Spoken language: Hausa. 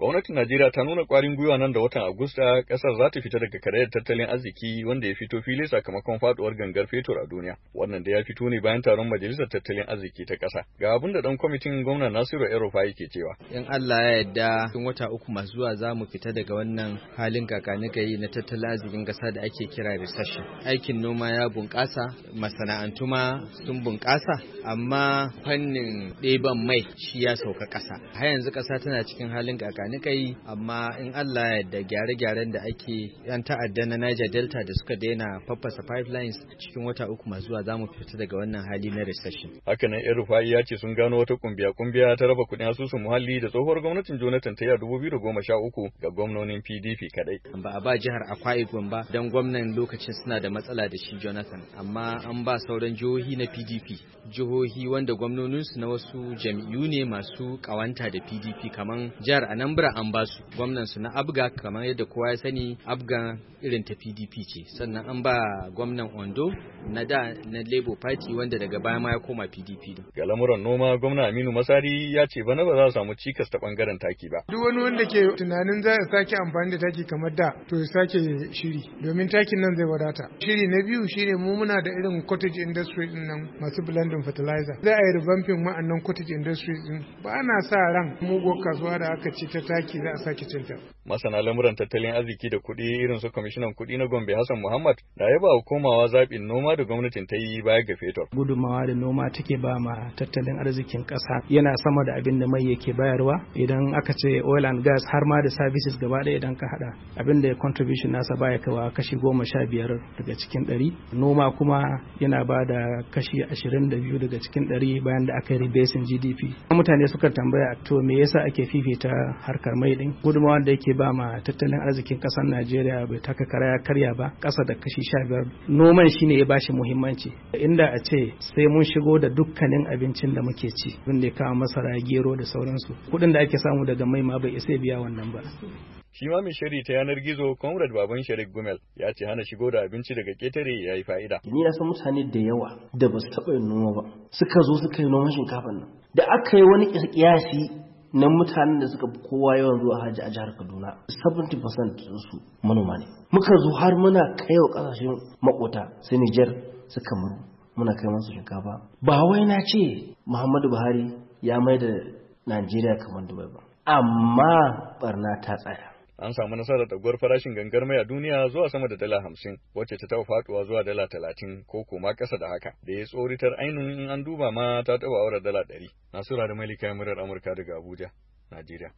Gwamnatin Najeriya ta nuna ƙwarin gwiwa nan da watan Agusta ƙasar za ta fita daga karayar tattalin arziki wanda ya fito fili sakamakon faduwar gangar fetur a duniya. Wannan da ya fito ne bayan taron majalisar tattalin arziki ta ƙasa. Ga abin da ɗan kwamitin gwamna Nasiru Erofa yake cewa. In Allah ya yadda cikin wata uku masu zuwa za mu fita daga wannan halin kakanikayi na tattalin arzikin ƙasa da ake kira recession. Aikin noma ya bunƙasa, masana'antu ma sun bunƙasa, amma fannin ɗeban mai shi ya sauka ƙasa. Har yanzu ƙasa tana cikin halin kakani. kai amma in Allah ya da gyare-gyaren da ake yan ta'addan na Niger Delta da suka daina faffasa pipelines cikin wata uku masu zuwa zamu fita daga wannan hali na recession. Haka nan yan rufai ya ce sun gano wata kumbiya-kumbiya ta raba kuɗin asusun muhalli da tsohuwar gwamnatin Jonathan ta sha 2013 ga gwamnonin PDP kadai. Ba a ba jihar Akwa Ibom ba don gwamnan lokacin suna da matsala da shi Jonathan amma an ba sauran jihohi na PDP jihohi wanda gwamnoninsu na wasu jam'iyyu ne masu kawanta da PDP kamar jihar Anambra lebura an ba su gwamnan su na abga kamar yadda kowa ya sani abga irin ta pdp ce sannan an ba gwamnan ondo na da na labour party wanda daga baya ma ya koma pdp ga lamuran noma gwamna aminu masari ya ce bana ba za a samu cikas ta bangaren taki ba duk wani wanda ke tunanin za a sake amfani da taki kamar da to ya sake shiri domin takin nan zai wadata shiri na biyu shine mu muna da irin cottage industry din nan masu blending fertilizer za a yi revamping ma'annan cottage industry din ba na sa ran mugo kasuwa da aka ci ta saki za a sake cinta. Masana lamuran tattalin arziki da kuɗi irin su kwamishinan kuɗi na Gombe Hassan Muhammad da ya ba komawa zaɓin noma da gwamnatin ta yi baya ga fetur. Gudummawa da noma take ba ma tattalin arzikin ƙasa yana sama da abin da mai yake bayarwa idan aka ce oil and gas har ma da services gaba ɗaya idan ka haɗa abin da contribution nasa baya kawa kashi goma sha biyar daga cikin ɗari. Noma kuma yana ba da kashi ashirin da biyu daga cikin ɗari bayan da aka yi rebasing GDP. Mutane suka tambaya to me yasa ake fifita har karmai din gudunmawa da yake ba ma tattalin arzikin kasar najeriya bai taka kara karya ba kasa da kashi sha biyar noman shine ya bashi muhimmanci inda a ce sai mun shigo da dukkanin abincin da muke ci abin da ya kawo masara gero da sauransu kuɗin da ake samu daga mai ma bai isa biya wannan ba shi ma mai shiri ta yanar gizo comrade baban sharik gumel ya ce hana shigo da abinci daga ketare ya yi fa'ida ni na san mutane da yawa da ba su taɓa yin noma ba suka zo suka yi noman shinkafan nan da aka yi wani kiyasi na mutanen da suka fi kowa yawan zuwa hajji a jihar kaduna 70% su manoma ne muka zo har muna kai wa kasashen makota su nijar su kamaru muna kai musu shinkafa ba wai na ce muhammadu buhari ya mai da najeriya kamar dubai ba amma barna ta tsaya an samu nasarar daguwar farashin gangar mai a duniya zuwa sama da dala hamsin wacce ta taɓa faduwa zuwa dala talatin ko kuma ƙasa da haka da ya tsoritar ainihin in an duba ma ta taɓa aure dala ɗari nasura da malika murar amurka daga abuja najeriya